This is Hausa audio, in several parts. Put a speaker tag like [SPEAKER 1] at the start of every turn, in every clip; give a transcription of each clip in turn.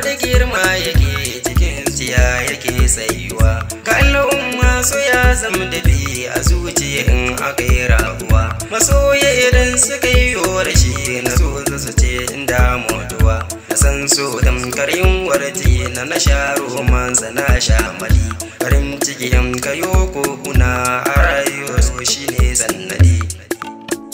[SPEAKER 1] da girma yake cikin siya yake tsayuwa ga al'umma su ya zama da bi a zuci in aka yi rabuwa masoya idan suka yi yora shi na so za su ce in damuwa na san so tamkar yin warji na na sha romansa na sha mali farin ciki yan kayo ko kuna a rayuwar shi ne sannadi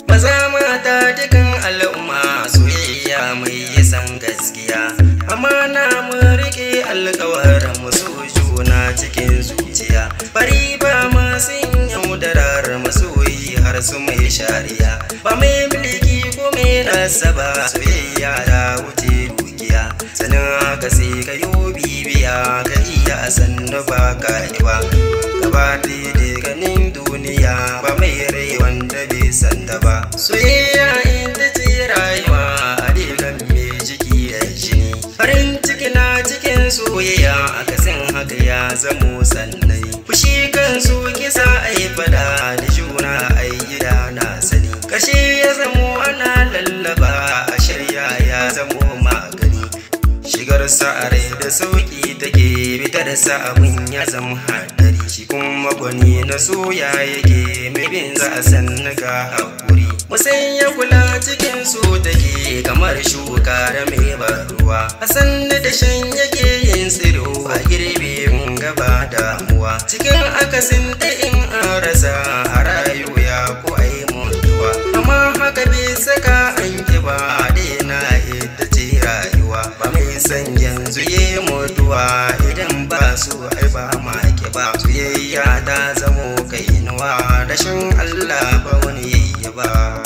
[SPEAKER 1] maza mata dukan al'umma soyayya mai yasan gaskiya amana mu riƙe alƙawarin mu juna cikin zuciya bari ba sun yaudarar masoyi har su mai shari'a ba mai mulki ko mai nasaba soyayya da wuce dukiya sanin haka sai ka yi bibiya ka iya sanda ba ka yi ba gaba soyayya akasin haka ya zamo sannai fushi kan su kisa ai fada da juna ai gida na sani kashi ya zamo ana lallaba a shirya ya zamo magani shigar sa are da sauki take bitar sa abin ya zama hadari shi kuma gwani na soya yake mai bin za a san ga hakuri ya kula cikin su take kamar shuka da mai ruwa a san da shan yake ba damuwa cikin akasin ta in an rasa a rayuwa ko ku ai mutuwa amma haka bai saka an ki ba na ita ce rayuwa ba mai san yanzu yi mutuwa idan ba su ai ba ma ki ba ta zamo kainuwa rashin Allah ba wani yayi ba